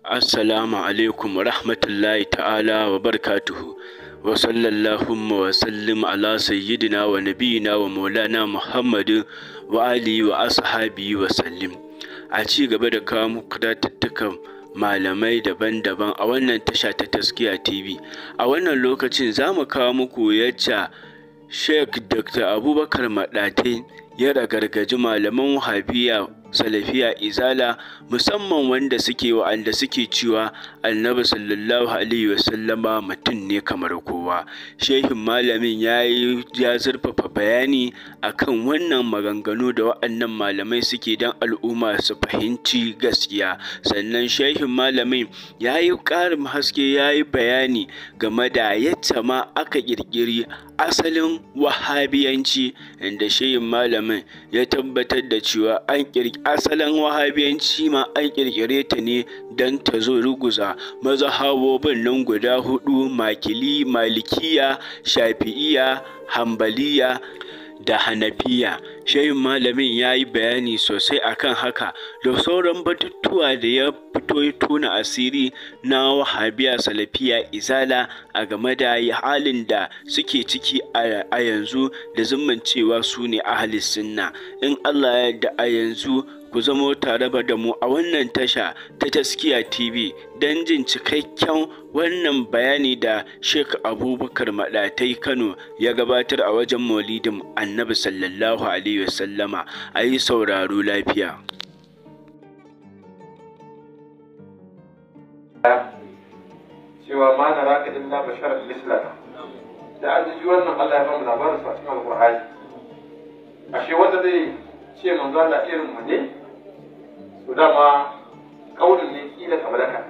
assalamu alaikum rahmatullahi ta'ala wa barakatuhu wa sallallahu wa sallim ala sayyidina wa nabiyina wa maulana Muhammadu wa alihi wa ashabi wa sallim a ci gaba da kawo muku dattattukan malamai daban-daban a wannan tasha ta taskiya tv a wannan lokacin za mu kawo muku yacca sheikh dr abubakar maɗate ya ragargaji malaman wahabiya salafiya izala musamman wanda suke wa'anda suke cewa annabi sallallahu alaihi wasallama mutum ne kamar kowa shehin malamin ya yi ya zurfafa bayani akan wannan maganganu da wa'annan malamai suke don al'umma su fahimci gaskiya sannan shehin malamin ya yi ƙarin haske ya yi bayani game da yadda ma aka ƙirƙiri asalin wahabiyanci inda shehin malamin ya tabbatar da cewa an asalin wahabiyanci ma an ƙirƙire ta ne don ta zo ruguza mazahabobin nan guda hudu makili malikiya shafi'iya hambaliya da hanafiya shehin malamin ya yi bayani sosai akan haka da sauran batutuwa da ya fito ya tona asiri na wahabiya salafiya izala a game da halin da suke ciki a yanzu da zumman cewa su ne ahalis sunna in allah ya a yanzu ku zamo tare da mu a wannan tasha ta taskiya tv don jin cikakken wannan bayani da sheik abubakar maɗatai kano ya gabatar a wajen maulidin annabi sallallahu alaihi wasallama a yi sauraro lafiya cewa ma na raka illa basharar mislana da an wannan Allah ya bamu labarin a cikin alƙur'ani ashe wanda zai ce manzo Allah irin mu ne to dama kaunin ne kila ka malaka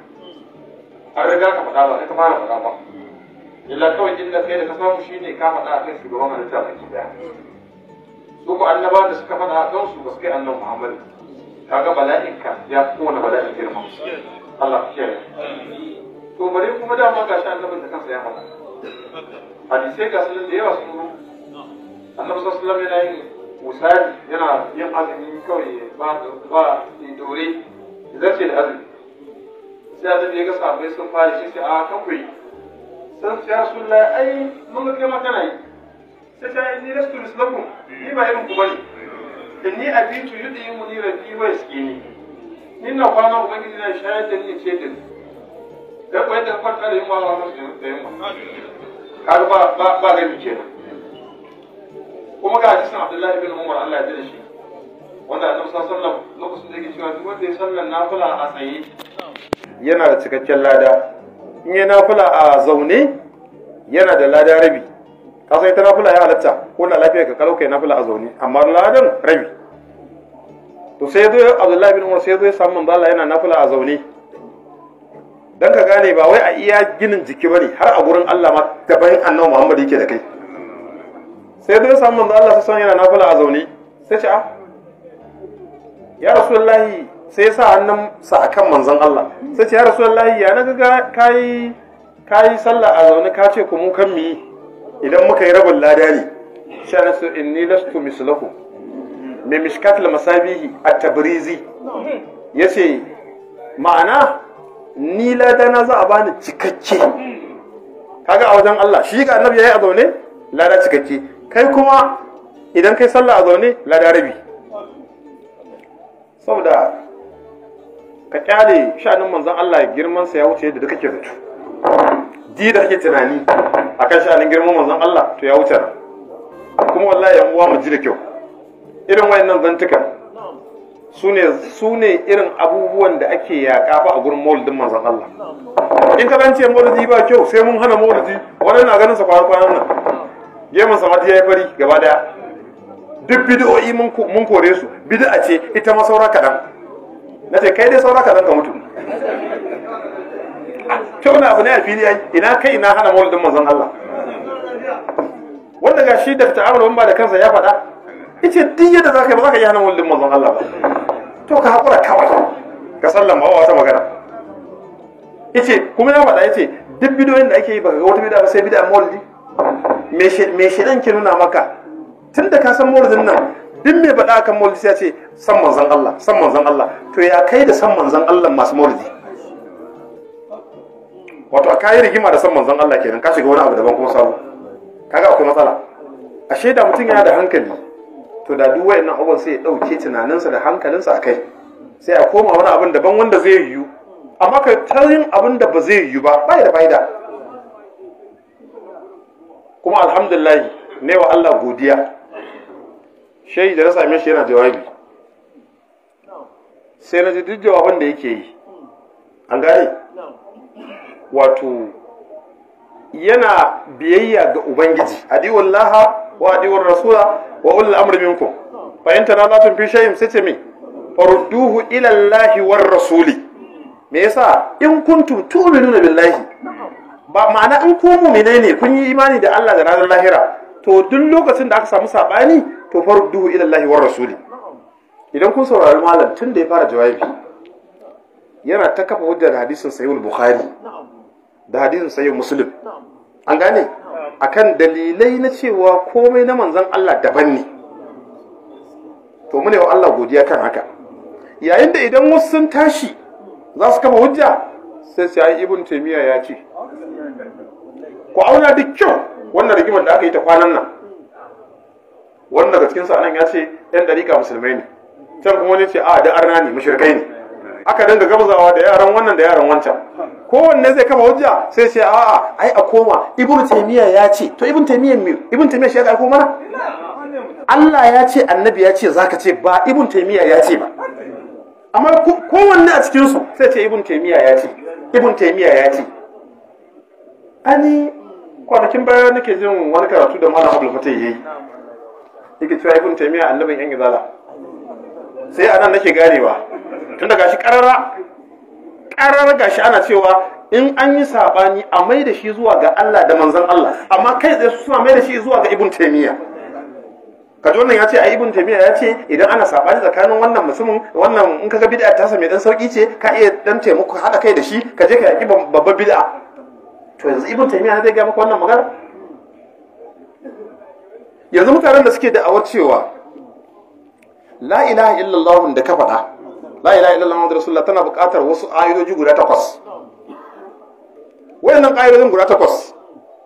an riga ka faɗa ba kai ka fara faɗa ba illa kawai jin da kai da ka samu shine ka faɗa akan shugaban halitta baki daya su ko annaba da suka faɗa akan su ba su kai annabi Muhammad kaga bala'inka ya kowane bala'in girma Allah ya kiyaye to bari kuma dama shan annabin da kansa ya faɗa hadisai ga sunan da yawa sun annabi sallallahu alaihi wasallam yana yin misali yana yin azumi kawai ba ba dore idan ce da azumi sai azumi ya ga sabai sun fara shi sai a kan kuyi san sun la ai mun ga kai kana yi sai ta ni lastu mislakum ni ba irin ku bane inni abitu yudhimuni rabbi wa yaskini ni na kwana ubangiji na shayar da ni ce din da kwanta da yunwa wa musu da yunwa kaga ba ga mi kuma ga hadisin Abdullahi bin Umar Allah ya ji da shi wanda Annabi sallallahu alaihi wasallam lokacin da yake cewa duk wanda ya sallar nafila a tsaye yana da cikakken lada in ya nafila a zaune yana da lada rabi ka san ita nafila ya halatta ko na lafiya ka kalau kai nafila a zaune amma ladan rabi to sai zo Abdullahi bin Umar sai zo ya samu manzo Allah yana nafila a zaune dan ka gane ba wai a iya ginin jiki bane har a gurin Allah ma daban annabi Muhammad yake da kai sai zai samu manzo Allah sai yana nafila a zaune sai ce a ah, ya rasulullahi sai sa hannun sa akan manzon Allah sai ce ya rasulullahi ya na ga kai kai sallah a zaune ka ce ku mu kan mi idan muka yi rabin lada ne sha nasu inni lastu mislahu mai mishkat masabihi at tabrizi ya ma'ana ni ladana za a bani cikakke kaga a wajen Allah shi ga annabi yayi a zaune lada cikakke kai kuma idan kai sallah a zaune ladarabi saboda ka kyale sha'anin manzon Allah girman sa ya wuce yadda kake zato di da kake tunani akan sha'anin girman manzon Allah to ya wuce kuma wallahi yan uwa mu ji da kyau irin wayannan zantuka su ne irin abubuwan da ake yaƙa fa a gurin maulidin manzon Allah in ka zance maulidi ba kyau sai mun hana maulidi wani na ganin sa kwanan kwanan nan gemun samar ya yi fari gaba daya duk bid'o'i mun kore su bid'a ce ita ma saura kadan na ce kai dai saura kadan ka mutu kyau na abu ne a fili ina kai na hana maulidin manzon Allah wanda ga shi da ta'amul ba da kansa ya faɗa ice din yadda za ka yi ba za ka yi hana maulidin manzon Allah ba to ka haƙura kawai ka sallama wa wata magana ice kuma ya faɗa ice duk bidiyoyin da ake yi ba wata bid'a ba sai bid'a maulidi me shaidan ke nuna maka tun da ka san maulidin nan duk mai faɗa kan maulidi ya ce san manzan Allah san manzan Allah to ya kai da san manzan Allah masu maulidi wato a kayi rigima da san manzan Allah kenan ka shiga wani abu daban kuma sabo kaga akwai matsala a shaida mutum yana da hankali to da duk wayannan abubuwan sai ya ɗauke tunaninsa da hankalinsa a kai sai a koma wani abin daban wanda zai yiwu amma ka ta yin abin da ba zai yiwu ba bai da fa'ida kuma alhamdulillah ne wa Allah godiya shehi da na same shi yana jawabi sai na ji duk jawaban da yake yi an gane wato yana biyayya ga ubangiji adiwun laha wa adiwar rasula wa ulul amri minkum fa latin fi shay'in sai ce me farudduhu ila war rasuli me yasa in kuntum tu'minuna billahi ba ma'ana in ku mene ne kun yi imani da Allah da ranar lahira to duk lokacin da aka samu sabani to duhu ila Allah war rasuli idan kun saurari malam tun da ya fara jawabi yana ta kafa hujjar hadisin sahih bukhari da hadisin sahih muslim an gane akan dalilai na cewa komai na manzon Allah daban ne to mune wa Allah godiya kan haka yayin da idan wasu sun tashi za su kafa hujja sai sai ibn taymiya ya ce ku auna da kyau wannan rigimar da aka yi ta kwanan nan Wannan daga cikin sa'anan ya ce yan dariƙa musulmai ne can kuma wani ce a da arna ne mushrikai ne aka dinga gabazawa da yaran wannan da yaran wancan kowanne zai kafa hujja sai ce a ai a koma ibnu taymiya ya ce to ibnu taymiya me ibnu taymiya shi ya ga mana Allah ya ce annabi ya ce zaka ce ba ibnu taymiya ya ce ba amma kowanne a cikin su sai ce ibnu taymiya ya ce ibnu taymiya ya ce ani kwanakin baya nake jin wani karatu da malam abul fatai yayi yake cewa ibn taymiya annabin yan gizala. sai anan nake ganewa tunda gashi karara karara gashi ana cewa in an yi sabani a mai da shi zuwa ga Allah da manzon Allah amma kai tsaye suna mai da shi zuwa ga ibn taymiya kaji wannan ya ce a ibn taymiya ya ce idan ana sabani tsakanin wannan musulmin wannan in kaga bid'a ta sa mai dan sauki ce ka iya dan taimako haɗa kai da shi ka je ka yaki babbar bid'a to yanzu ibn taymiya zai ga maka wannan magana yanzu mutanen da suke da'awar cewa la ilaha illallah da ka faɗa la ilaha illallah da rasulullah tana buƙatar wasu ayoyi guda takwas wayannan ayoyin guda takwas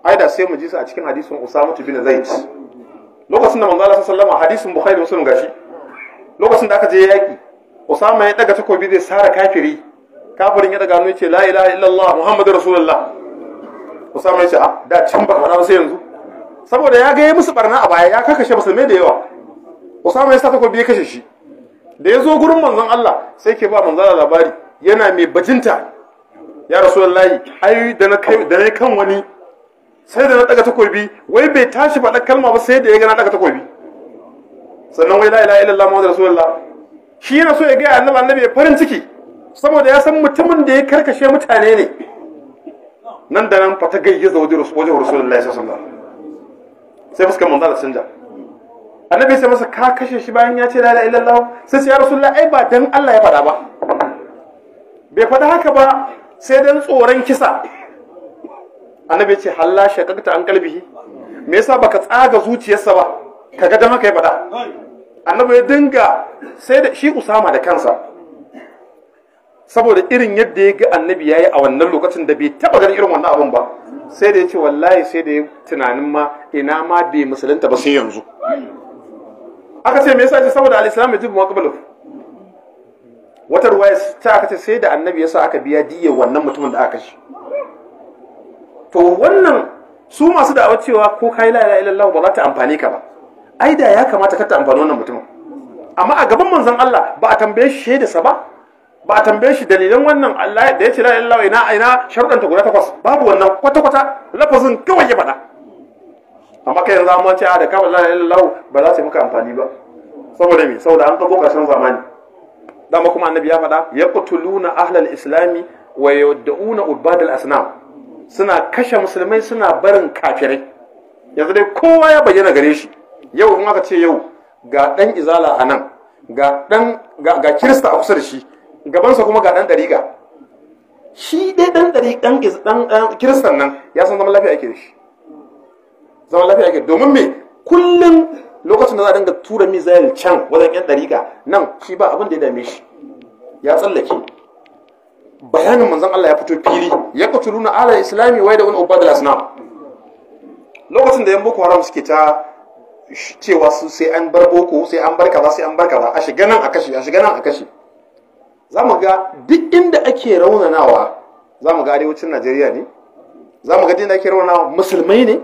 ai da sai mu ji su a cikin hadisin Usama bin Zaid lokacin da manzo Allah sallallahu alaihi hadisin Bukhari Muslim gashi lokacin da aka je yaki Usama ya daga takobi zai sara kafiri kafirin ya daga hannu ce la ilaha illallah muhammadur rasulullah usama ya a ah, da can ba faɗa sai yanzu saboda ya ga musu barna a baya ya kakashe musulmai da yawa usama ya sa takobi ya kashe shi da ya zo gurin manzon Allah sai ke ba manzon labari yana mai bajinta ya rasulullahi ai da na kai da na kan wani sai da na daga takobi wai bai tashi faɗa kalma ba sai da ya ga na daga takobi sannan wai la ilaha illallah muhammadu rasulullah shi yana so ya ga annabi annabi farin ciki saboda ya san mutumin da ya karkashe mutane ne nan da nan fa ta gayyaza wajen rasulullahi sallallahu alaihi wasallam sai fuskar manzo da A annabi sai masa ka kashe shi bayan ya ce la ilaha illallah sai sai ya rasulullahi ai ba dan Allah ya faɗa ba bai fada haka ba sai dan tsoron kisa annabi ce halla shaqaqta an kalbihi. me yasa baka tsaga zuciyarsa ba kaga dan haka ya faɗa annabi ya dinga sai da shi Usama da kansa saboda irin yadda ya ga annabi ya yi a wannan lokacin da bai taba ganin irin wannan abun ba sai da ya ce wallahi sai da ya tunanin ma ina ma bai musulunta ba sai yanzu aka ce me yasa ce saboda al ya jibu maqbalu wata ruwaya ta aka ce sai da annabi yasa aka biya diya wannan mutumin da aka shi to wannan su masu da'awar cewa ko kai la ilaha illallah ba za ta amfane ka ba ai da ya kamata ka ta amfani wannan mutumin amma a gaban manzon Allah ba a tambaye shi da sa ba ba a tambaye shi dalilan wannan Allah da ya ce la ilaha ina ina sharuɗanta guda takwas babu wannan kwata kwata lafazin kawai ya bada amma kai yanzu amma ce a da kama la ilaha ba za su yi maka amfani ba saboda me saboda an kago karshen zamani dama kuma annabi ya faɗa na ahlal islami wa yad'una ubadal asnam suna kashe musulmai suna barin kafirai yanzu dai kowa ya bayyana gare shi yau in aka ce yau ga dan izala a nan ga kirista a kusa da shi gabansa kuma ga ɗan ɗariƙa shi dai ɗan ɗari ɗan kiristan nan ya san zaman lafiya ake da shi zaman lafiya ake domin me kullum lokacin da za a dinga tura mizayil can wajen yan ɗariƙa nan shi ba abin da ya dame shi ya tsallake bayanin manzon Allah ya fito fili ya qatiluna ala islami wai da wani ubadul asnam lokacin da yan boko haram suke ta cewa su sai an bar boko sai an bar kaza sai an bar kaza a shiga nan a kashe a shiga nan a kashe za mu ga duk inda ake raunanawa za mu ga arewacin najeriya ne za mu ga inda ake raunanawa musulmai ne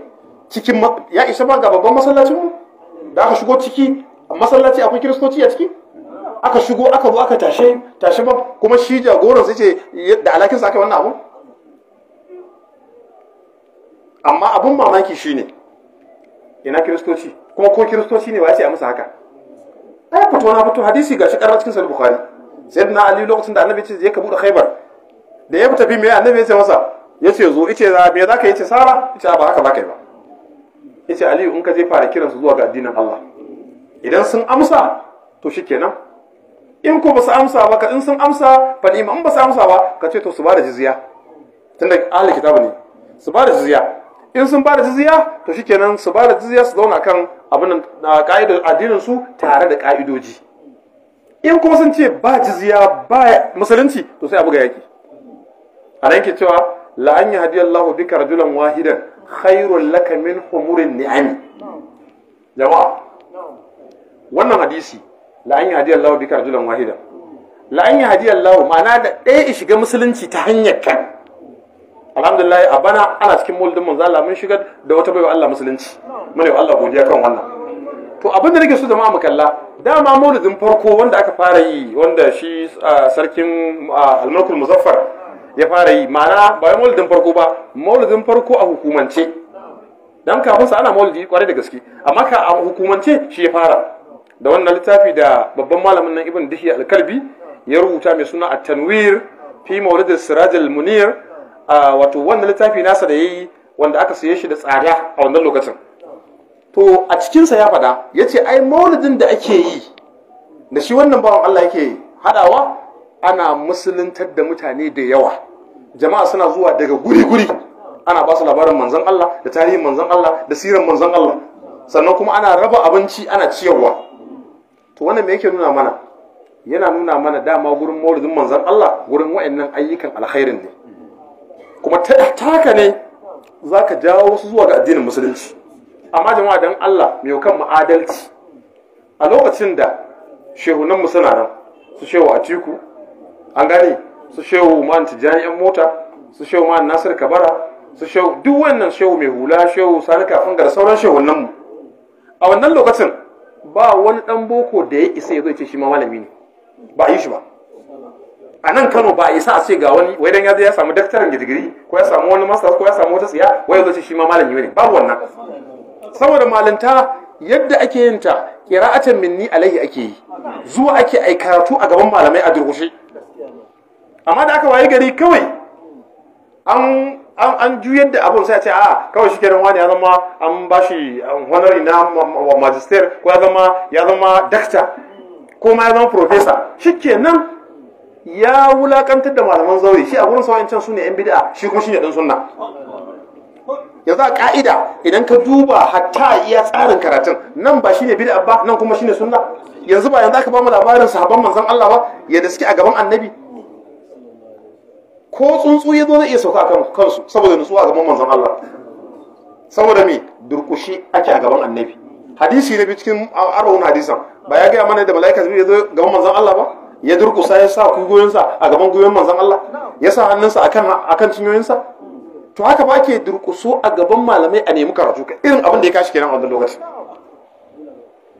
cikin ya isa ba ga babban masallacin mu da aka shigo ciki masallaci akwai kiristoci a ciki aka shigo aka zo aka tashe tashe ba kuma shi jagoran sai ce da alakin sa aka wannan abu amma abun mamaki shine ina kiristoci kuma ko kiristoci ne ba ya ce a musu haka ai fito na fito hadisi gashi karar cikin sahih bukhari sayyidina ali lokacin da annabi ce zai ka da khaybar da ya tafi me annabi ya ce masa ya ce zo ice ah, za me yi ce sara ice ah, ba haka za ka yi ba ce ali in ka je fara kiransu zuwa ga addinin Allah idan sun amsa to shi kenan. in ko ba su amsa ba in sun amsa fa in ba su amsa ba ka ce to su ba da jizya tunda ahli kitabu ne su ba da jizya in sun ba da jizya to kenan su ba da jizya su zauna kan abin da ka'idar addinin su tare da ka'idoji in kuma sun ce ba jizya ba musulunci to sai a buga yaki a nan ke cewa la an lahu bi rajulan wahidan khairun laka min humurin ni'am jama'a wannan hadisi la an lahu bi rajulan wahidan la an lahu ma'ana da ɗaya ya shiga musulunci ta hanyar kan alhamdulillah a bana ana cikin mulkin manzo Allah mun shigar da wata baiwa Allah musulunci mun yi Allah godiya kan wannan to abin da nake so jama'a mu kalla dama maulidin farko wanda aka fara yi wanda shi sarkin almulkul muzaffar ya fara yi ma'ana ba maulidin farko ba maulidin farko a hukumance dan kafin sa ana maulidi kwarai da gaske amma ka a hukumance shi ya fara da wannan littafi da babban malamin nan ibn dihi alkalbi ya rubuta mai suna at-tanwir fi maulid siraj al-munir wato wannan littafi nasa da yayi wanda aka saye shi da tsada a wannan lokacin to a cikinsa ya faɗa ya ce ai maulidin da ake yi da shi wannan bawan Allah yake haɗawa ana musuluntar da mutane da yawa jama'a suna zuwa daga guri-guri ana ba su labarin manzon Allah da tarihin manzon Allah da siran manzon Allah sannan kuma ana raba abinci ana ciyarwa to wannan me yake nuna mana yana nuna mana dama gurin maulidin manzon Allah gurin wa'annan ayyukan alkhairin ne kuma ta haka ne zaka jawo wasu zuwa ga addinin musulunci amma jama'a dan Allah mai kan ma'adalci a lokacin da shehunan mu suna nan su shehu Atiku an gane su shehu man Tijani mota su shehu man Nasir Kabara su shehu duk wannan shehu mai hula shehu Sani kafin gar sauran shehunan mu a wannan lokacin ba wani dan boko da ya isa ya zo ce shi ma malami ne ba a yi shi ba a nan Kano ba a isa a ce ga wani wai dan ya zo ya samu daktarin digiri ko ya samu wani masters ko ya samu wata siya wai ya zo ce shi ma malami ne babu wannan saboda malanta yadda ake yin ta qira'atan minni alaihi ake yi zuwa ake ai karatu a gaban malamai a durgushe amma da aka waye gari kawai an an an juyar da abun sai ce a kawai shi kenan wani ya zama an shi honorary na magister ko ya zama ya zama doctor ko ma ya zama professor nan ya wulakantar da malaman zaure shi a gurin sauyancin su ne yan bid'a shi kuma shi ne dan sunna yanzu a ka'ida idan ka duba hatta iya tsarin karatun nan ba shine bid'a ba nan kuma shine sunna yanzu ba yanzu aka ba mu labarin sahabban manzon Allah ba yadda suke a gaban annabi ko tsuntsu ya zo zai iya sauka a kansu saboda nutsuwa a gaban manzon Allah saboda me durkushi ake a gaban annabi hadisi na cikin arba'un hadisan ba ya gaya mana da mala'ika zai zo gaban manzon Allah ba ya durkusa ya sa kugoyinsa a gaban goyon manzon Allah ya sa hannunsa akan akan cinyoyinsa to haka ba ke durƙuso a gaban malamai a nemi karatu ka irin abin da ya kashi kenan a wannan lokaci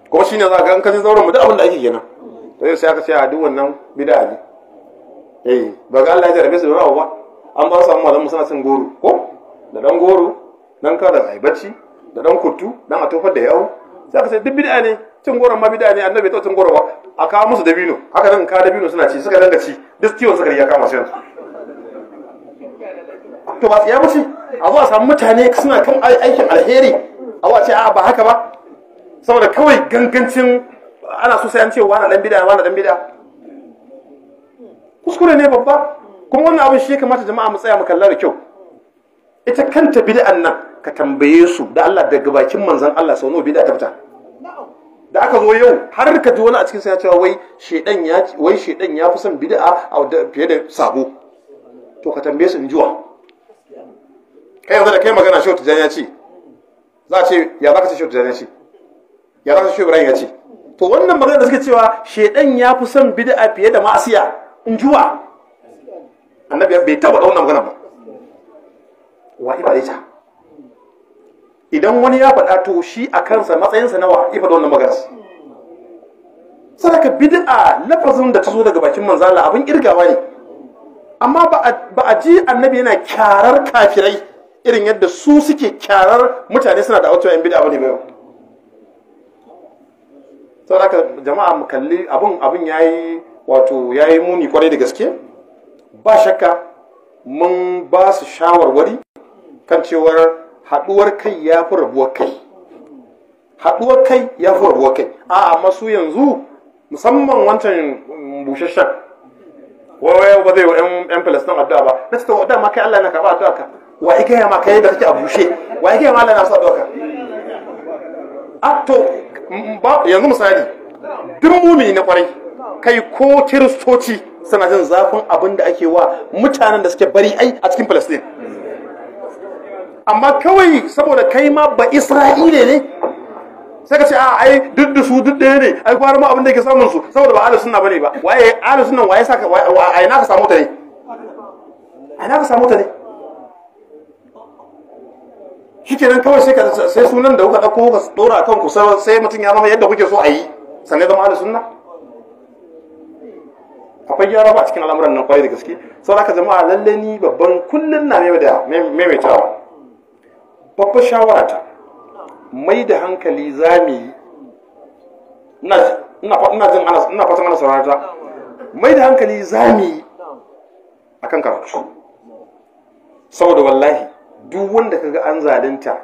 kuma shine za ga an kaje zauren mu duk abin da ake kenan to sai aka sai a duk wannan bid'a ne eh ba ga Allah ya jarabe su da ba an ba su malamu suna cin goro ko da dan goro dan kada ai bacci da dan kurtu dan a tofar da yawo sai aka sai duk bid'a ne cin goron ma bid'a ne annabi ya cin goro ba a kawo musu dabino haka nan ka dabino suna ci suka danga ci duk ciwon suka riga kama su yanzu to ba tsaya mace a zuwa samu mutane suna kan aikin alheri a wace ce a ba haka ba saboda kawai gangancin ana so sai an ce wani dan bida wani dan bida kuskure ne babba kuma wannan abin shi ya kamata jama'a mu tsaya mu kalla da kyau ita kanta bid'an nan ka tambaye su da Allah daga bakin manzon Allah sau nawa bid'a ta fita da aka zo yau har ka ji wani a cikin sai ya ce wai shedan ya wai shedan ya fi son bid'a fiye da sabo to ka tambaye su injuwa kai yanzu da kai magana shi wata ya ce za a ce ya za ka ce shi wata ya ce ya za ka ce shehu ibrahim ya ce to wannan magana da suke cewa shaidan ya fi son bid'a fiye da ma'asiya in juwa annabi bai taba da wannan magana ba wa ita idan wani ya faɗa to shi a kansa matsayinsa nawa ifa da wannan magana sadaka bid'a lafazin da ta zo daga bakin manzala abin irgawa ne amma ba a ji annabi yana kyarar kafirai irin yadda su suke kyarar mutane suna da autuwa yan bid'a ne ba yau da aka jama'a mu kalli abun ya yi wato yi muni kwarai da gaske ba shakka mun ba su shawarwari kan cewar haɗuwar kai ya fi rabuwar kai haɗuwar kai ya fi rabuwar kai a amma su yanzu musamman wancan bushashen wai ba zai wa 'yan filistin addu'a ba na cikin to ma kai Allah na karɓa addu'a ka wa ya gaya ma kai da kake a bushe wa ya gaya ma sa doka a to yanzu misali duk mumini na kwarai kai ko kiristoci suna jin zafin abin da ake wa mutanen da suke bari ai a cikin Palestine amma kawai saboda kai ma ba Isra'ile ne sai ka ce a ai duk da su duk ɗaya ne ai gwara ma abin da ke samun su saboda ba ahlus sunna bane ba waye ahlus sunna waye saka waye ai naka samu ta ne ai naka samu ta ne kenan kawai sai ka sai sunan da kuka dauko kuka dora kan ku sai mutum ya zama yadda kuke so a yi sannan zama ahlus sunna akwai gyara ba cikin al'amuran nan kwarai da gaske saboda jama'a lalle ni babban kullun na mai da maimaitawa babbar shawara ta mai da hankali zami yi ina jin ana ina fatan ana saurara ta mai da hankali zami yi akan karatu saboda wallahi duk wanda kaga an zalunta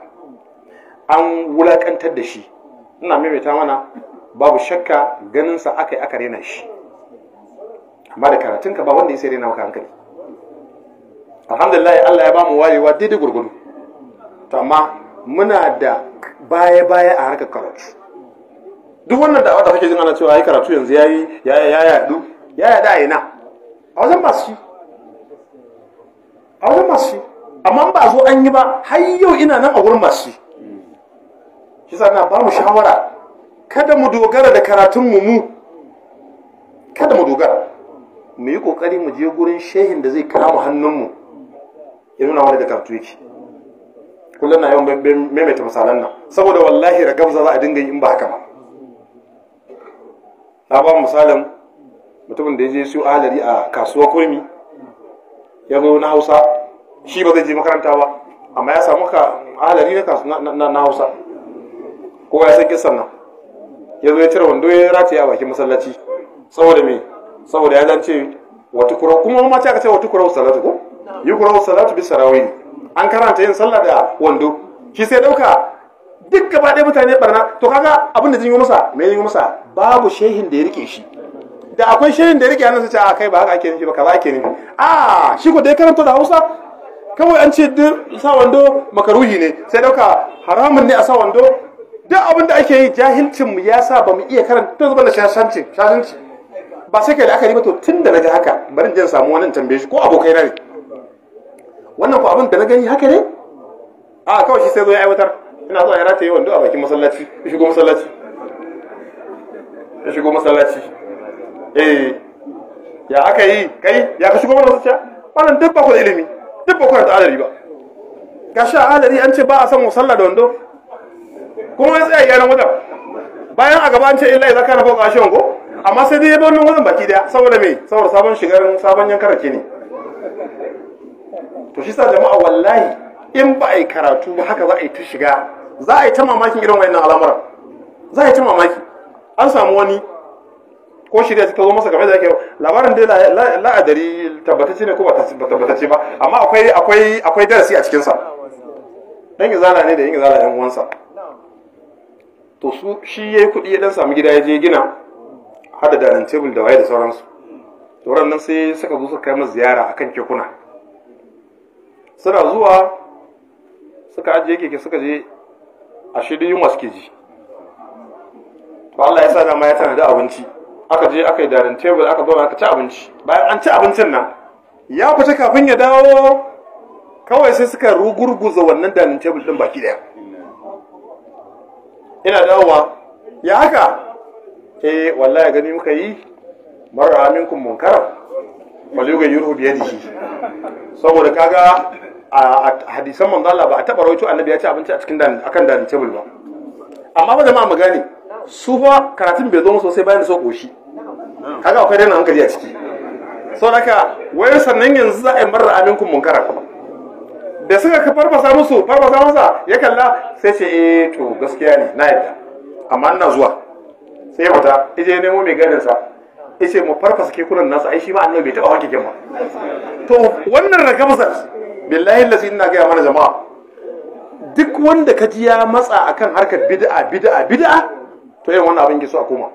an wulakantar da shi ina maimaita mana babu shakka ganinsa aka yi aka rena shi amma da karatun ka ba wanda ya sai rena maka hankali alhamdulillah Allah ya bamu wayewa daidai gurgudu to amma muna da baya-baya a harkar karatu duk wannan da'awa da kake jin ana cewa ai karatu yanzu yayi ya ya yadu ya da a ina a wajen masu shi a wajen masu shi amma ba zo an yi ba har yau ina nan a wurin masu shi na ba mu shawara kada mu dogara da karatun mu mu kada mu dogara mu yi kokari mu je gurin shehin da zai kama hannunmu ya nuna wani da karatu yake kullum na yawan maimaita misalan nan saboda wallahi da gabza za a dinga yi in ba haka ba na ba misalin mutumin da ya je siyo alari a kasuwa kurmi ya zo na hausa shi ba zai je makaranta ba amma ya samu ka alari na na Hausa ko ya san kissan nan ya zo ya cire wando ya rataye a bakin masallaci saboda me saboda ya zance wata kura kuma ma ta ce wata kura salatu ko yi kura salatu bi sarawin an karanta yin sallah da wando shi sai dauka duk gaba ɗaya mutane barna to kaga abin da jinyo masa me jinyo masa babu shehin da ya rike shi da akwai shehin da ya rike nan sai ce a kai ba haka ake nufi ba kaza ake nufi a shi ko da ya karanta da Hausa kawai an ce sa wando makaruhi ne sai dauka haramun ne a sa wando duk abin da ake yi jahilcin mu ya sa ba mu iya karanta zuba da shashanci shashanci ba sai kai da aka yi to tun da naga haka bari jin samu wani tambaye shi ko abokai na ne wannan ko abin da na gani haka ne a kawai shi sai zo ya aiwatar ina zuwa ya rataye wando a bakin masallaci ya shigo masallaci ya shigo masallaci eh ya aka yi kai ya ka shigo masallaci wannan duk ba ku da ilimi duk bakwai da alari ba gashi sha alari an ce ba a san musalla da wando kuma ya tsaye yaran wadda bayan a gaba an ce illa zaka na fauka ashe wango amma sai dai ya bar wajen baki daya saboda me saboda sabon shigar sabon yankar ke ne to shi sa jama'a wallahi in ba a yi karatu ba haka za a yi ta shiga za a yi ta mamakin irin wayannan al'amuran za a yi ta mamaki an samu wani ko shirya ta zo masa game da yake labarin dai la'adari tabbatacce ne ko ba tabbatacce ba amma akwai akwai akwai darasi a cikin sa dan izala ne da yin izala yan uwansa to su shi yayi kuɗi ya dan samu gida ya je gina hada da table da waye da sauransu to ran nan sai suka zo suka kai masa ziyara akan kekuna suna zuwa suka ajiye keke suka je a shirin yunwa suke ji to Allah ya sa dama ya tana da abinci aka je aka yi darin tebur aka zo aka ci abinci bayan an ci abincin nan ya fita kafin ya dawo kawai sai suka rugurguza wannan darin tebur din baki daya ina dawowa ya haka eh wallahi gani muka yi mara minkum munkara waluga yuru biyadihi saboda kaga a hadisan manzo Allah ba a taba rawaito annabi ya ci abinci a cikin akan darin tebur ba amma ba jama'a mu gane su kuma karatun bai zo musu sai bayan da so koshi kaga akwai daina hankali a ciki sau daga wai sannan yanzu za a yi marar aminkun munkara da suka ka farfasa musu farfasa masa ya kalla sai ce eh to gaskiya ne na yadda amma ina zuwa sai ya fita ije nemo mai ganin sa ice mu farfasa kekunan nasa ai shi ma annabi bai taba wanke kin ba to wannan rakabasa billahi lazi ina ga mana jama'a duk wanda ka ji ya matsa akan harkar bid'a bid'a bid'a to yin wannan abin gisu a koma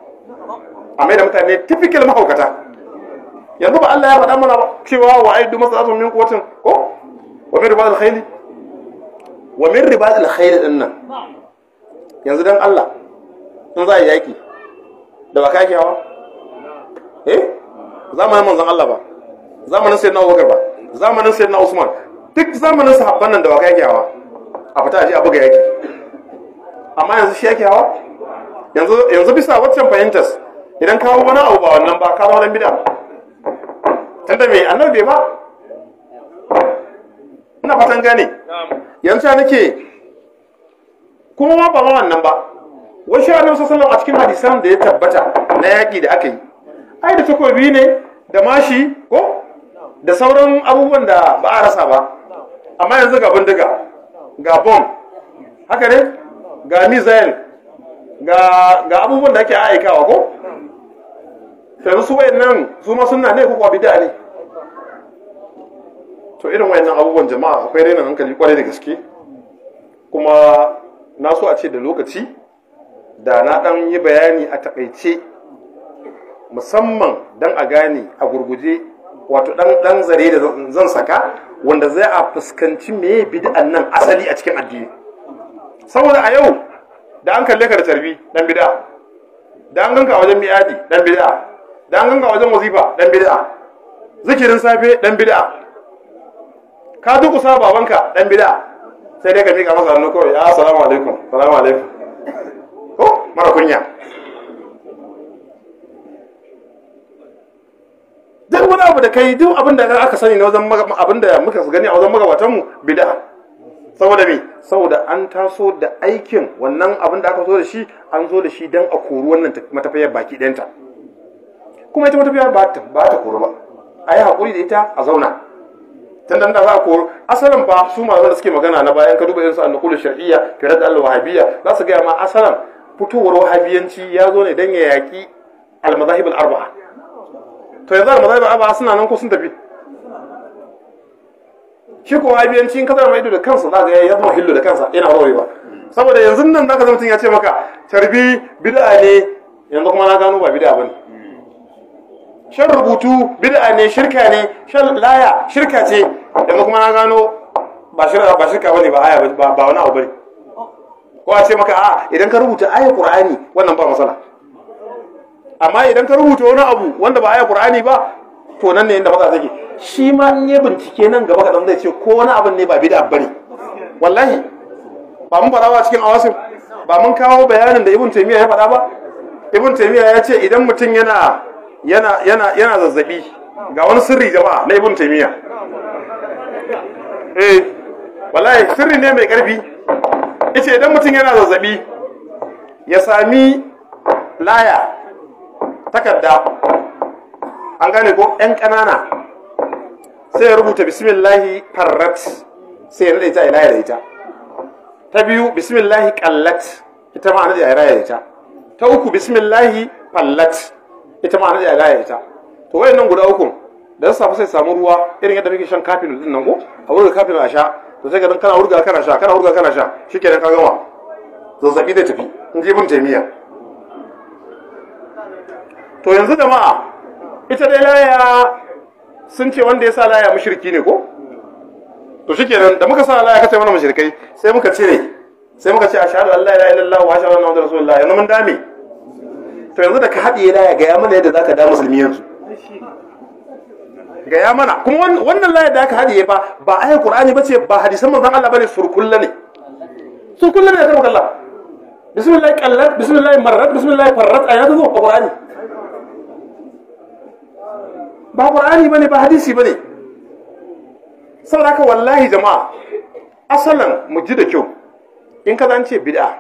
a mai da mutane typical mahaukata yanzu ba Allah ya faɗa mana ba cewa wa aidu masalatun min quwwatin ko wa min al khayl wa min al khayl din nan yanzu dan Allah in za a yaki da ba kake hawa eh zamanin manzon Allah ba zamanin sayyidina Abubakar ba zamanin sayyidina Usman duk zamanin sahabban nan da ba kake hawa a fita a je a buga yaki amma yanzu shi yake hawa yanzu bisa waccan fahimtas idan kawo wani abu ba wannan ba kawo wani bida tunda mai annabi ba ina fatan gane yanzu ya nake kuma ma ba ma wannan ba wasu annabi sallallahu a cikin hadisan da ya tabbata na yaƙi da aka yi ai da takobi ne da mashi ko da sauran abubuwan da ba a rasa ba amma yanzu ga bindiga ga bom haka ne ga missile ga abubuwan da ake aikawa ko yanzu su wayannan su ma suna ne ko bid'a ne to irin wayannan abubuwan jama'a akwai rainin hankali kwarai da gaske kuma na so a ce da lokaci da na dan yi bayani a takaice musamman dan a gane a gurguje wato dan zare da zan saka wanda zai a fuskanci me bid'an nan asali a cikin addini saboda a yau da an kalle ka da tarbi dan bid'a da an ganka wajen mi'adi dan bid'a da an ganka wajen wazifa dan bid'a zikirin safe dan bid'a ka dukusa babanka dan bid'a sai dai ka mika masa hannu kawai ya ah, assalamu alaikum assalamu alaikum ko mara kunya duk wani abu da kai duk abin da aka sani na wajen abin da muka gani a wajen magabatanmu bid'a saboda me saboda an taso da aikin wannan abin da aka zo da shi an zo da shi dan a kori wannan matafiyar baki ɗanta kuma ita matafiyar ba ta ba koru ba a yi haƙuri da ita a zauna tun da za a koru asalin ba su ma da suke magana na bayan ka duba yin su annukulu shar'iyya firar da allah wahabiyya za su gaya ma asalin fitowar wahabiyanci ya zo ne dan ya yaƙi almazahibul arba'a to yanzu almazahibul arba'a suna nan ko sun tafi shi kuma wahabiyanci in ka zama ido da kansa za ga ya zama hillu da kansa yana ba. saboda yanzu nan ka zama mutum ya ce maka carbi bid'a ne yanzu kuma na gano ba bid'a ne. shan rubutu bid'a ne shirka ne shan laya shirka ce yanzu kuma na gano ba shirka ba shirka bane ba aya ba wani abu bane ko a ce maka a idan ka rubuta aya qur'ani wannan ba masana. amma idan ka rubuta wani abu wanda ba aya qur'ani ba to nan ne inda baka zage shi ma in yi bincike nan gaba kaɗan zai ce ko wani abin ne ba abu bane wallahi ba mun faɗa ba cikin awasin ba mun kawo bayanin da ibn taimiyya ya faɗa ba ibn taimiyya ya ce idan mutum yana yana yana yana zazzabi ga wani sirri jama'a na ibn taimiyya eh wallahi sirri ne mai karfi yace idan mutum yana zazzabi ya sami laya takarda an gane ko yan ƙanana sai ya rubuta bismillahi farrat sai ya ita ya da ita ta biyu bismillahi kallat ita ma ya da ita ta uku bismillahi fallat ita ma ya da ita to nan guda uku da su samu sai samu ruwa irin yadda muke shan kafin din nan ko a wurin kafin a sha to sai ga kana wurga kana sha kana wurga kana sha shikenan ka gama zabi da tafi in ji ibn taimiya to yanzu jama'a ita dai laya sun ce wanda ya sa laya mushriki ne ko to da muka sa laya kace mana mushrikai sai muka cire sai muka ce la ilaha illallah wa ashhadu anna rasulullah yanzu mun dame to yanzu da ka haɗiye laya ga ya mana yadda zaka da musulmi yanzu ga ya mana kuma wannan laya da aka haɗiye fa ba ayar qur'ani bace ba hadisan manzon Allah bane surkulla ne surkulla ne da kalla bismillah qallat bismillah marrat bismillah farrat ayatu qur'ani ba ba ne, ba hadisi bane saboda haka wallahi jama'a asalin mu ji da kyau in ka zance bid'a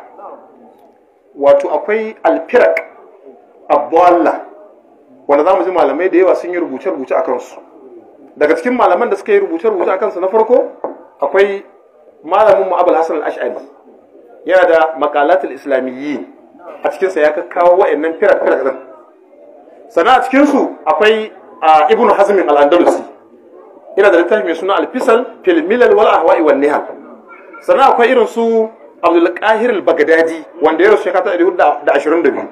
wato akwai alfirak abdalla wanda za mu ji malamai da yawa sun yi rubuce-rubuce a kansu daga cikin malaman da suka yi rubuce-rubuce a kansu na farko akwai malamin mu Hassan hasan al-ash'ari yana da makalatul islamiyyi a cikinsa ya kakkawo wa'annan firak-firak din sannan a cikinsu akwai a ibn hazmin al-andalusi ina da littafi mai suna al-fisal fil milal wal ahwa'i wan nihal sannan akwai irin su abdul qahir al-bagdadi wanda ya rasu shekara da 422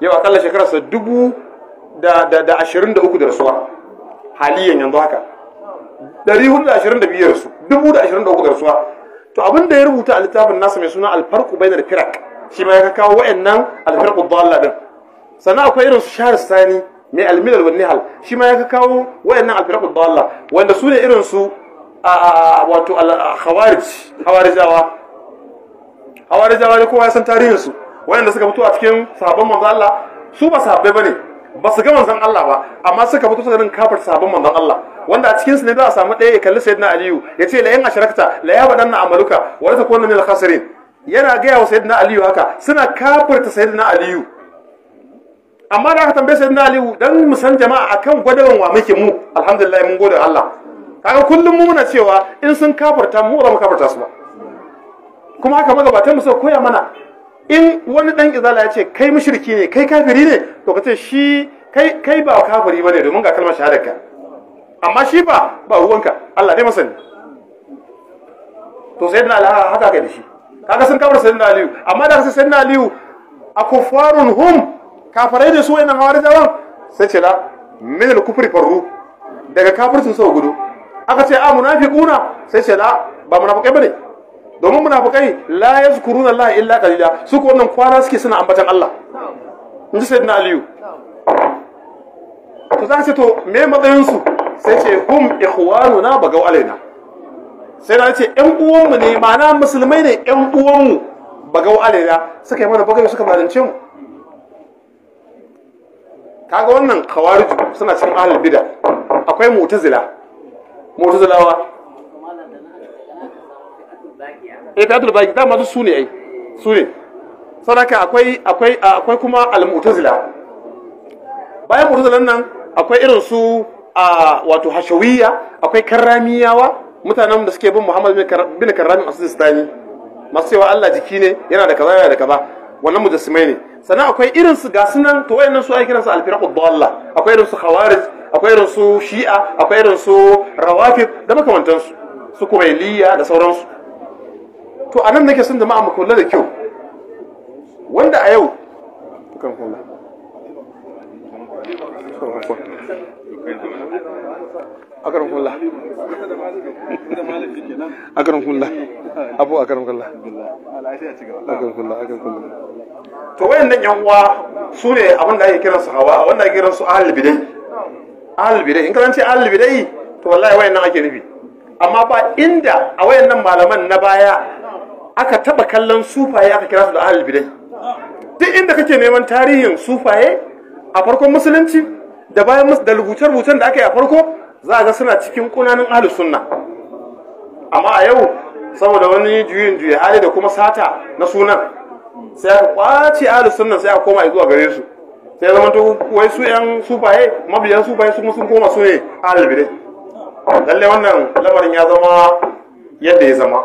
yau akalla shekarar sa dubu da da da 23 da rasuwa haliyan yanzu haka 422 ya rasu dubu da 23 da rasuwa to abin da ya rubuta a littafin nasa mai suna al-farqu bainal firaq shi ma ya kawo wa'annan al-firqu dhalla din sannan akwai irin su shahr sani mai almilal wa nihal shi ma ya ka kawo wayannan alfiraqud dalla wanda su ne irin su wato al-khawarij khawarijawa khawarijawa ne kowa ya san tarihin su wayanda suka fito a cikin sahabban manzon Allah su ba sahabbai bane ba su ga manzon Allah ba amma suka fito sanin kafir sahabban manzon Allah wanda a cikin su ne za a samu ɗaya ya kalli sayyidina Aliyu ya ce la in la'ya la ya badanna amaluka wa la takuna min al-khasirin yana ga yawa sayyidina Aliyu haka suna kafirta sayyidina Aliyu amma da aka tambaye sayyidina aliyu dan mu san jama'a akan gwadawan wa muke mu alhamdulillah mun gode Allah kaga kullum mu muna cewa in sun kafarta mu ba mu kafarta su ba kuma haka magabatan mu suka koya mana in wani dan izala ya ce kai mushriki ne kai kafiri ne to ka ce shi kai kai ba kafiri bane domin ga kalmar shahadar ka amma shi ba ba ruwanka Allah dai masani to sayyidina aliyu haka ga da shi kaga sun kafar sayyidina aliyu amma da sayyidina aliyu akufarun hum kafarai da su wayannan hawarijawan sai ce la min al-kufri farru daga kafircin sau gudu aka ce a munafiquna sai ce la ba munafiqai bane domin munafiqai la yazkuruna Allah illa qalila su ko wannan kwana suke suna ambatan Allah in ji sayyidina Aliyu to za ce to me matsayin su sai ce hum ikhwanuna bagau alaina sai na ce ƴan uwanmu ne ma'ana musulmai ne ƴan uwanmu bagau alaina suka yi mana bagayo suka malance mu kaga wannan khawariju suna cikin ahlul bid'a akwai mu'tazila mu'tazilawa eh fi'atul baqi dama su ne ai ne saboda akwai akwai akwai kuma al-mu'tazila bayan mu'tazilan nan akwai irin su a wato hashawiyya akwai karramiyawa mutanen da suke bin Muhammad bin Karramin zistani masu cewa Allah jiki ne yana da kaza yana da kaza wannan mujassimai ne sannan akwai irin su gasu nan to wayannan su ake kiransu alfiraqu dalla akwai irin su khawarij akwai irin su shi'a akwai irin su rawafid da makamantansu su kuwailiya da sauransu to anan nake son jama'a mu kula da kyau wanda a yau kan kula akaram kullah akaram kullah abu akaram kullah akaram kullah akaram kullah to wayannan yan uwa su ne abin da ake kiran su hawa wanda ake kiran su ahlul bidai ahlul bidai in karanci ce ahlul bidai to wallahi nan ake nufi amma ba inda a wayannan malaman na baya aka taba kallon sufaye aka kira su da ahlul bidai duk inda kake neman tarihin sufaye a farkon musulunci da bayan da rubuce-rubucen da aka yi a farko za a ga suna cikin kunanin ahli sunna amma a yau saboda wani juyin juye hali da kuma sata na sunan sai aka kwace ahli sunna sai aka koma zuwa gare su sai zama to wai su yan sufaye mabiyan sufaye su sun koma su ne ahli bidai lalle wannan lamarin ya zama yadda ya zama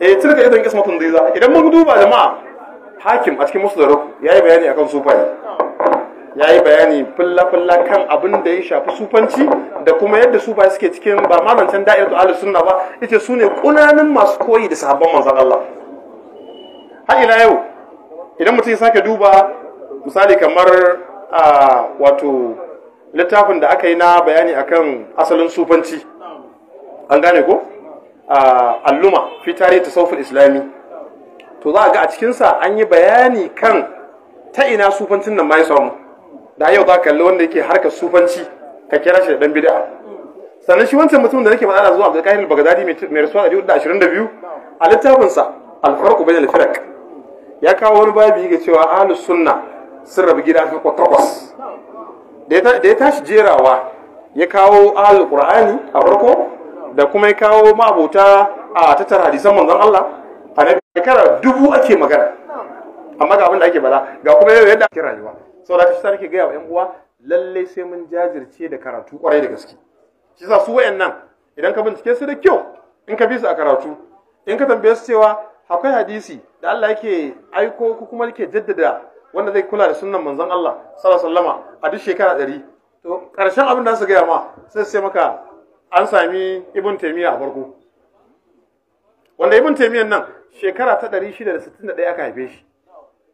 eh tilka idan kismatun diza idan mun duba jama'a hakim a cikin musu da ya yi bayani akan sufaye ya yi bayani fulla-fulla kan abin da ya shafi sufanci da kuma yadda su ba suke cikin ba ma da'ir da ahlus sunna ba ita su ne kunanin masu koyi da sahabban manzan Allah har ila yau idan mutum ya sake duba misali kamar a wato littafin da aka yi na bayani akan asalin sufanci an gane ko alluma fi tare ta saufin islami to za a ga a cikinsa an yi bayani kan ta ina sufancin nan ma ya samu da yau za kalli wanda yake harkar sufanci ka kira shi da dan bid'a sannan shi wancan mutum da nake magana zuwa ga Qahir al-Baghdadi mai rasuwa 122 a littafin sa al-farq bayna al firq ya kawo wani babi ga cewa ahlus sunna sun rabu gida ka takwas da ya tashi jerawa ya kawo ahlul qur'ani a farko da kuma ya kawo ma'abota a tattara hadisan manzon Allah a na shekara dubu ake magana amma ga abin da ake bada ga kuma yau yadda ake rayuwa saboda ta sarki gaya wa yan uwa lalle sai mun jajirce da karatu kwarai da gaske shi sa su wayannan idan ka bincike su da kyau in ka bi su a karatu in ka tambaye su cewa akwai hadisi da Allah yake aiko ko kuma yake jaddada wanda zai kula da sunnan manzon Allah sallallahu alaihi wasallama a duk shekara ɗari to karshen abin da su gaya ma sai sai maka an sami ibn taymiya a farko wanda ibn taymiyan nan shekara ta 661 aka haife shi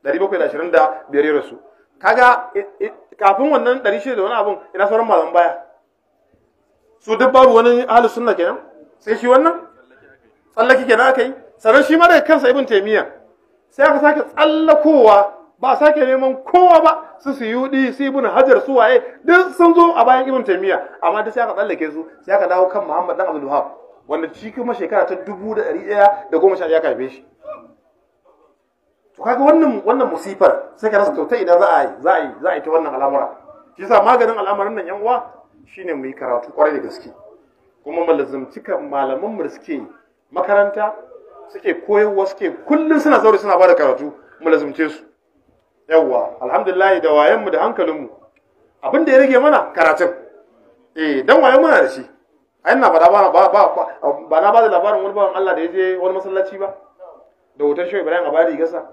725 ya rasu kaga kafin wannan ɗari shi da wani abun ina sauran malam baya su duk babu wani ahli sunna kenan sai shi wannan tsallaki kenan aka yi sannan shi mara kansa ibn taymiya sai aka sake tsallakowa ba sake neman kowa ba su su yudi su ibn hajar su waye duk sun zo a bayan ibn taymiya amma duk sai aka tsallake su sai aka dawo kan muhammad dan abdul wahab wanda shi kuma shekara ta dubu da ɗari ɗaya da goma sha ɗaya aka shi to kaga wannan wannan musifar sai ka rasa to ta ina za a yi za a yi za a yi ta wannan al'amura shi yasa maganin al'amarin nan yan uwa shine mu yi karatu kwarai da gaske kuma malazumci kan malaman mu suke makaranta suke koyarwa suke kullun suna zaure suna bada karatu mu lazumce su yawwa alhamdulillah da wayan mu da hankalin mu abin da ya rage mana karatun eh dan wayan muna da shi ai ina faɗa ba ba ba ba na ba da labarin wani bawan Allah da ya je wani masallaci ba da hoton shehu Ibrahim Abadi gasa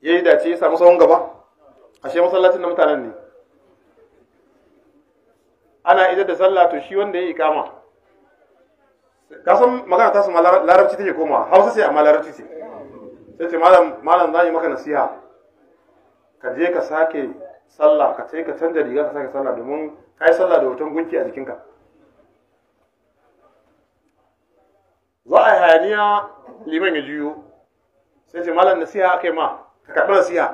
ya yi dace ya samu sahun gaba ashe masallacin na mutanen ne ana idar da sallah to shi wanda ya yi kama. ka san magana ta su ma larabci take koma hausa sai amma larabci ce sai ce malam malam zan yi maka nasiha ka je ka sake sallah ka ce ka canza riga ka sake sallah domin ka yi sallah da hoton gunki a jikinka za a yi hayaniya liman ya juyo sai ce malam nasiha aka yi ma ka karɓi siya,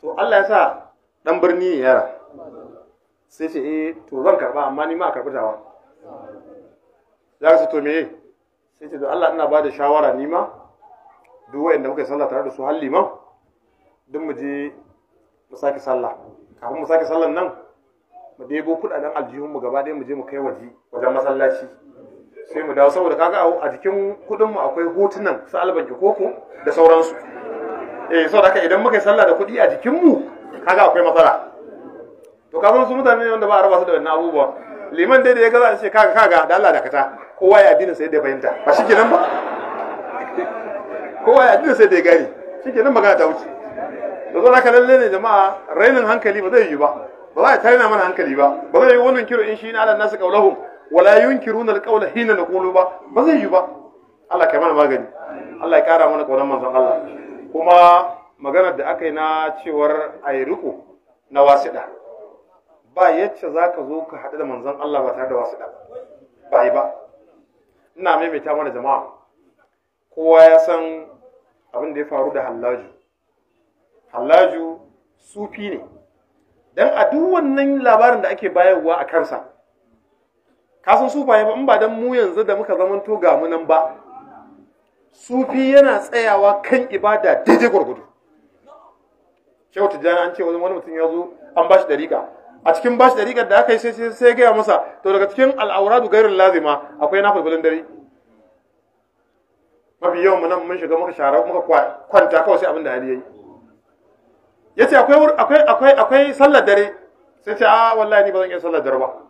to Allah ya sa ɗan birni ya yara sai ce eh to zan karɓa amma ni ma a karɓi tawa za ka ce to meye sai ce to Allah ina ba da shawara ni ma duk wa'anda muka yi sallah tare da su har liman duk mu je mu sake sallah kafin mu sake sallan nan mu debo kuɗaɗen aljihunmu gaba ɗaya mu je mu kai waje wajen masallaci sai mu dawo saboda kaga a jikin kudin mu akwai hotunan su albanki koko da sauransu eh saboda haka idan muka yi sallah da kudi a jikin mu kaga akwai matsala to kaga su mutane ne wanda ba a raba su da wannan abubuwa liman dai da ya gaza ce kaga kaga da Allah dakata kowa ya addinin sai da fahimta ba shikenan ba kowa ya addinin sai da ya gane shikenan magana ta wuce da zo haka lalle ne jama'a rainin hankali ba zai yi ba ba za a tarina mana hankali ba ba zai yi wannan kiro in shi na Allah nasu qaulahum wala yunkiruna alqawla hina naqulu ba ba zai yi ba Allah kai mana magani Allah ya kara mana kaunar manzon Allah kuma maganar da aka yi na cewar yi riko na wasiɗa ba yacce za ka zo ka haɗu da manzon Allah ba tare da wasiɗa ba yi ba ina maimaita mana jama'a kowa ya san abin da ya faru da hallaju hallaju sufi ne Dan a duk wannan labarin da ake bayarwa a kansa ka san sufaye ba in ba dan mu yanzu da muka to ga mu nan ba sufi yana tsayawa kan ibada daidai gwargwado shehu tijjani an ce wani mutum ya zo an bashi dariƙa a cikin bashi dariƙa da aka yi sai sai gaya masa to daga cikin al'auradu gairin lazima akwai na fulfulun dare mafi yawan mu nan mun shiga muka shara muka kwanta kawai sai abin da hali yayi yace akwai akwai akwai akwai sallar dare sai ce a ah, wallahi ni ba zan iya sallar dare ba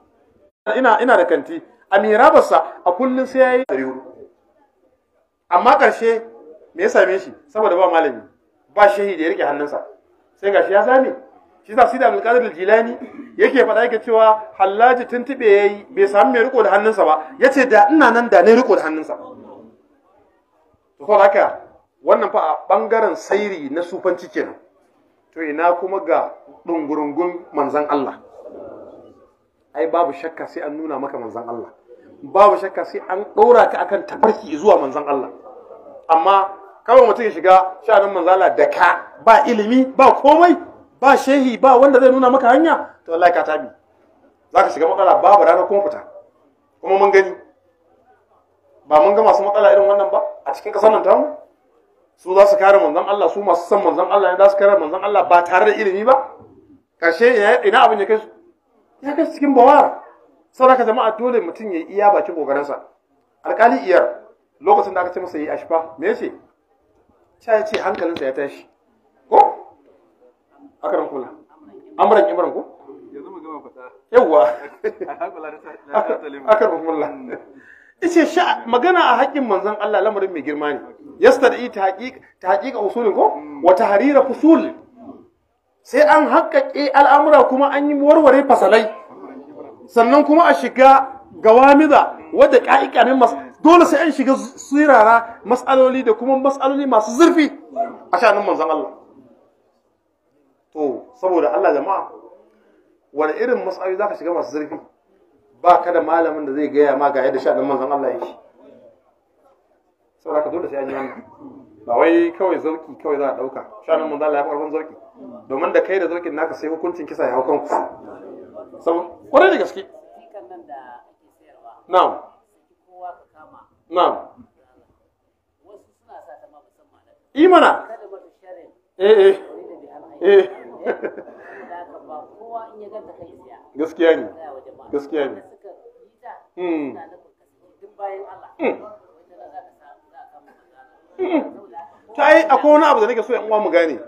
ina da kanti a mirabarsa a kullum sai yayi ɗari hudu amma ƙarshe me ya same shi saboda ba malami ba shehi da ya rike hannunsa sai ga shi ya sami? shi sa sida alƙadar jilani yake faɗa yake cewa hallaji tuntuɓe ya yi bai samu mai riko da hannunsa ba ya ce da ina nan da ne riko da hannunsa to haka wannan fa a ɓangaren sairi na sufanci kenan to ina kuma ga ɗungurungun manzan Allah ai babu shakka sai an nuna maka manzan Allah babu shakka sai an ɗora ka akan tafarki zuwa manzan Allah amma kawai mutum ya shiga sha'anin manzan Allah da ka ba ilimi ba komai ba shehi ba wanda zai nuna maka hanya to Allah ka tabi zaka shiga matsala babu rana kuma fita kuma mun gani ba mun ga masu matsala irin wannan ba a cikin ƙasar nan tamu su za su kare manzan Allah su masu san manzan Allah ne za su kare manzan Allah ba tare da ilimi ba Kashe ina abin ya kai ya kai cikin bawara saboda jama'a dole mutum ya yi iya bakin kokarinsa alkali iyar lokacin da aka ce masa yi ashifa me ce cha ya ce hankalinsa ya tashi ko akaran kula amuran imran ko yawwa a gama kula hmm. ice sha magana a haƙƙin manzon Allah lamarin mai girma ne yastadi ta ta haƙiƙa usulin ko hmm. wa harira fusul sai an haƙaƙe al'amura kuma an yi warware fasalai sannan kuma a shiga gawamiza wadda ƙa'iƙanin masu dole sai an shiga sirara matsaloli da kuma matsaloli masu zurfi a shanin manzan Allah to saboda Allah jama'a wani irin matsaloli za ka shiga masu zurfi ba ka da malamin da zai gaya ma ga yadda shanin manzan Allah ya shi saboda ka dole sai an yi wannan ba wai kawai zauki kawai za a ɗauka shanin manzan Allah ya fi ƙarfin zauki domin da kai da zarkin naka sai hukuncin kisa ya hau ku sabu kwarai da gaske na'am na'am imana eh eh, eh. gaskiya ne gaskiya ne hmm. hmm. hmm. ta yi akwai wani abu da nake so yan uwa mu gane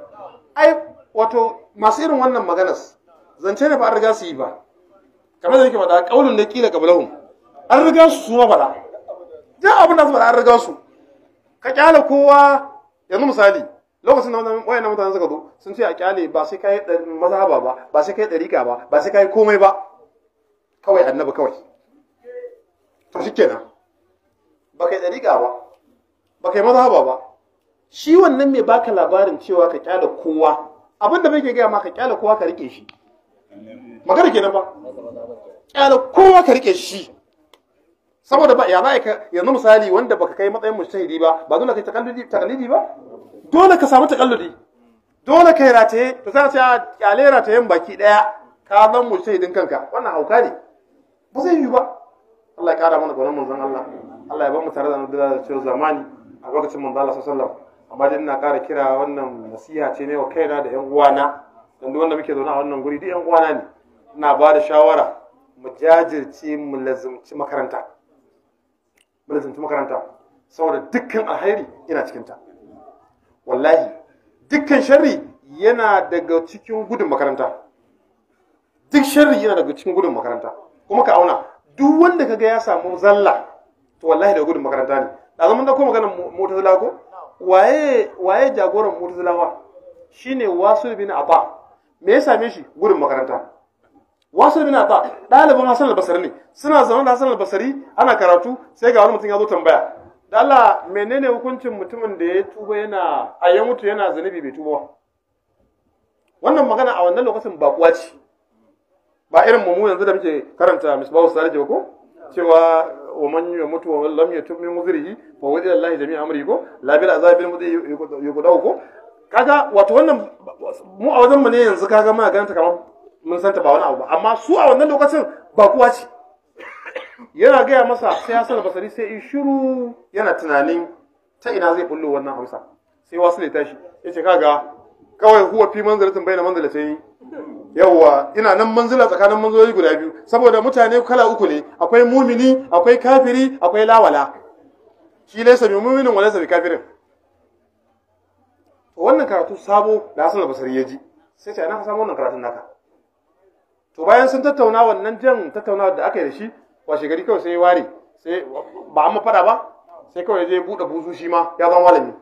ai wato masu irin wannan maganas zance ne ba an riga su yi ba kamar da yake faɗa ƙaunin da kila qablahum an riga su su ma faɗa ja abin da su faɗa an riga su ka ƙyale kowa yanzu misali lokacin da na mutane suka zo sun ce a kyale ba sai yi mazaba ba ba sai yi dariƙa ba ba sai yi komai ba kawai annabi kawai to kenan. ba ka yi dariƙa ba ba ka yi mazaba ba shi wannan mai baka labarin cewa ka ƙyale kowa abin da muke gaya maka kyala kowa ka rike shi magana kenan ba kyala kowa ka rike shi saboda ba ya za ka yanzu misali wanda baka kai matsayin mujtahidi ba ba dole kai takalludi takalludi ba dole ka samu takalludi dole kai rataye to za sai kyale ratayen baki daya ka zan mujtahidin kanka wannan hauka ne ba zai yi ba Allah ya kara mana gwanon manzon Allah Allah ya ba mu tare da nan da cewa zamani a lokacin manzon Allah sallallahu alaihi wasallam amma dai ina ƙara kira wannan nasiha ce ne wa kaina da ƴan uwana don duk wanda muke zaune a wannan guri duk ƴan uwana ne ina ba da shawara mu jajirce mu lazumci makaranta mu lazumci makaranta saboda dukkan alheri cikin cikinta wallahi dukkan sharri yana daga cikin gudun makaranta duk sharri yana daga cikin gudun makaranta kuma ka auna duk wanda kaga ya samu zalla to wallahi daga gudun makaranta ne da zaman da ko magana mota ko waye waye jagoran murzilawa shine wasu bin aba me ya same shi gurin makaranta wasu bin aba ɗalibin hasan al ne suna zaune da hasan albasari ana karatu sai ga wani mutum ya zo tambaya da menene hukuncin mutumin da ya tuba yana a ya mutu yana zanubi bai tuba ba wannan magana a wannan lokacin ba kuwa ce ba irin mu yanzu da muke karanta misbahu salih ko cewa wa man mutu wa lam ya min muzrihi fa wa ila Allah jami'a amri ko la bil azabil ya yuqdau ko kaga wato wannan mu a wajen mu ne yanzu kaga muna ganin ta kamar mun santa ba wani abu ba amma su a wannan lokacin ba kuwa ce yana gaya masa sai ya san basari sai in shiru yana tunanin ta ina zai bullo wannan Hausa sai wasu ne tashi yace kaga kawai huwa fi manzilatin bayna manzilatayn yawwa ina nan manzila tsakanin manziloli guda biyu saboda mutane kala uku ne akwai mumini akwai kafiri akwai lawala shi laysa bi muminin wa laysa bi kafirin wannan karatu sabo da Hassan Basri ya ji sai ce na samu wannan karatun naka to bayan sun tattauna wannan jan tattauna da aka yi da shi washe gari kawai sai ya ware sai ba an ma fada ba sai kawai ya je buɗe buzu shi ma ya zama malami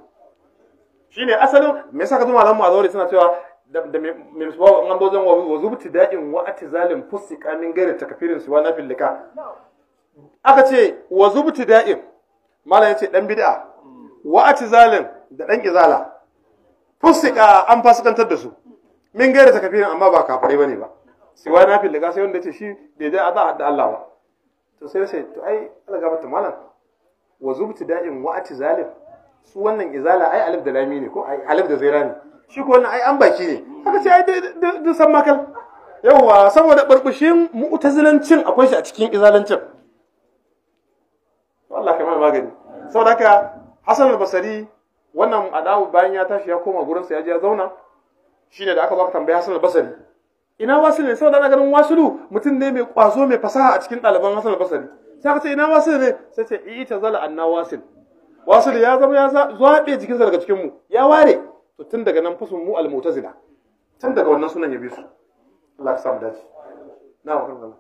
shine asalin me yasa ka zo malamu a zaure suna cewa da mai suwa a zo zan wa zubti da'in wa fusi fusika min ta kafirin suwa na fillika aka ce wa zubti da'in malam yace dan bid'a wa atizalim da dan izala fusika an fasikantar da su min ta kafirin amma ba kafirai bane ba suwa na fillika sai wanda yace shi bai da za a da Allah ba to sai sai to ai Allah gaba ta malam wa zubti da'in wa zalim su wannan izala ai alif da lami ne ko ai alif da zaira ne shi ko wannan ai an baki ne haka sai ai duk san makal yawwa saboda barbushin mu'tazilancin akwai shi a cikin izalancin Allah kamar magani saboda haka hasan al-Basri wannan adawu bayan ya tashi ya koma gurinsa ya je ya zauna shine da aka baka tambaya hasan al-Basri ina wasilu ne saboda ana ganin wasilu mutum ne mai kwazo mai fasaha a cikin ɗaliban hasan al-Basri sai ka ce ina wasilu ne sai ce ita zala anna wasil wasu da ya zama ya zaɓe jikinsa daga cikin mu ya ware to tun daga nan fasun mu al-mu'tazila tun daga wannan sunan ya bi su Allah ya samu dace na wa kan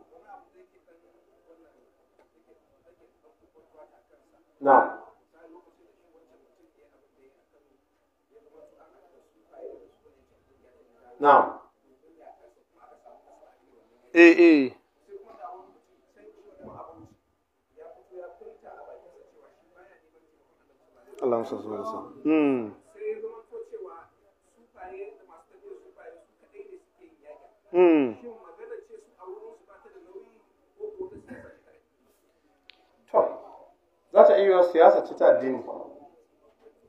na na eh eh Allah musu da hmm. hmm. za ta iya siyasa ce ta addini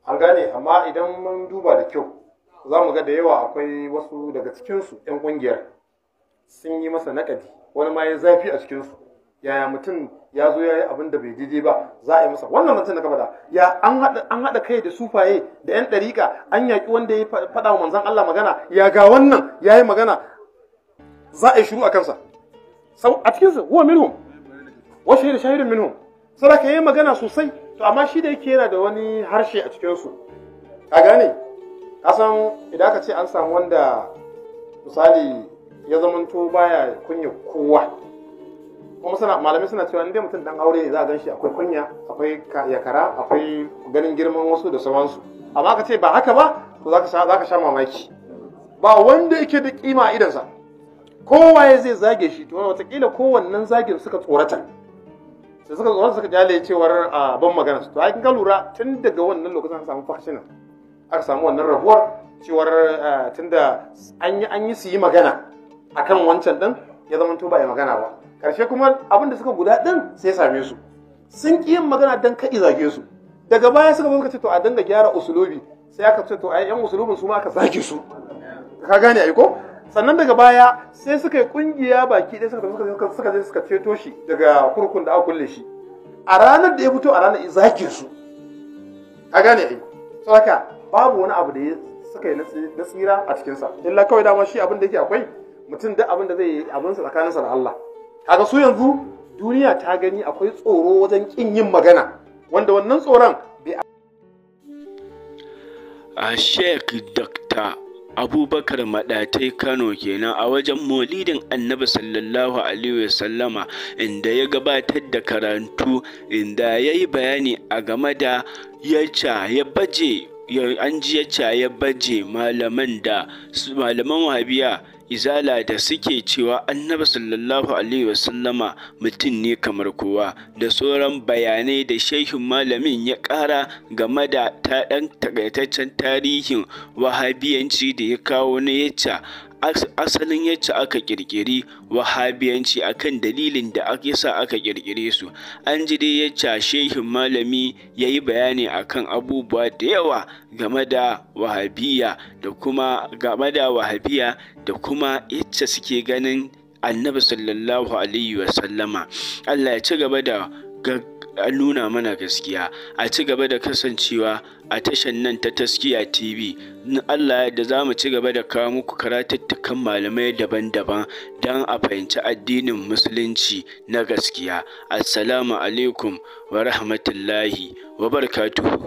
an gane amma idan mun duba da kyau za mu ga da yawa akwai wasu daga cikinsu 'yan ƙungiyar sun yi masa naƙadi wani ma ya zafi a cikinsu yaya mutum ya zo ya yi abin da bai daidai ba za a yi masa wannan mutum da ka faɗa ya an haɗa kai da sufaye da yan ɗarika, an yaƙi wanda ya faɗa wa manzan Allah magana ya ga wannan ya yi magana za a yi shiru a kansa a cikinsa huwa minhum wa shahidu shahidun minhum sadaka yayi magana sosai to amma shi da yake yana da wani harshe a cikinsu ka gane kasan idan aka ce an samu wanda misali ya zamanto baya kunya kowa kuma suna malamai suna cewa inda mutum dan aure za a gan shi akwai kunya akwai yakara akwai ganin girman wasu da sauransu amma ka ce ba haka ba to za ka sha mamaki ba wanda yake da kima a idansa kowaye zai zage shi to watakila kowannen zagin suka tsorata sai suka tsorata suka jale cewar a ban magana to ai ka lura tun daga wannan lokacin an samu fashinan aka samu wannan rabuwar cewar eh, tunda an an yi su yi magana akan wancan din ya zama to ba ya magana ba karshe kuma abin da suka guda din sai same su sun ƙi yin magana dan ka zage su daga baya suka zo ce to a dinga gyara usulobi sai aka ce to ai yan usulobin su ma aka zage su ka gane ai ko sannan daga baya sai suka yi kungiya baki ɗaya suka suka suka je suka ceto shi daga kurkun da aka kulle shi a ranar da ya fito a ranar zage su ka gane ai saboda babu wani abu da ya suka yi na tsira a cikinsa illa kawai dama shi abin da yake akwai mutum da abin da zai yi abinsa tsakaninsa da Allah kaga su yanzu duniya ta gani akwai tsoro wajen kin yin magana wanda wannan tsoron bai a Sheikh dr abubakar Madatai kano kenan a wajen maulidin annabi sallallahu alaihi wasallama inda ya gabatar da karantu inda ya yi bayani a game da yacca ya baje an ji ya baje malaman da malaman wahabiya izala da suke cewa annabi sallallahu alaihi wasallama mutum ne kamar kowa da sauran bayanai da shehin malamin ya ƙara game da ta dan takaitaccen tarihin wahabiyanci da ya kawo na yacca asalin yacce aka ƙirƙiri wahabiyanci akan dalilin da ake sa aka ƙirƙire su an ji dai yadda shehin malami ya yi bayani akan abubuwa da yawa game da wahabiya da kuma game da wahabiya da kuma yacca suke ganin annabi sallallahu alaihi wasallama Allah ya ci gaba da nuna mana gaskiya a ci gaba da kasancewa a tashan nan ta Taskiya TV. In Allah da za mu ci gaba da kawo muku karatuttukan malamai daban-daban don a fahimci addinin Musulunci na gaskiya. Assalamu alaikum wa rahmatullahi wa barakatuhu.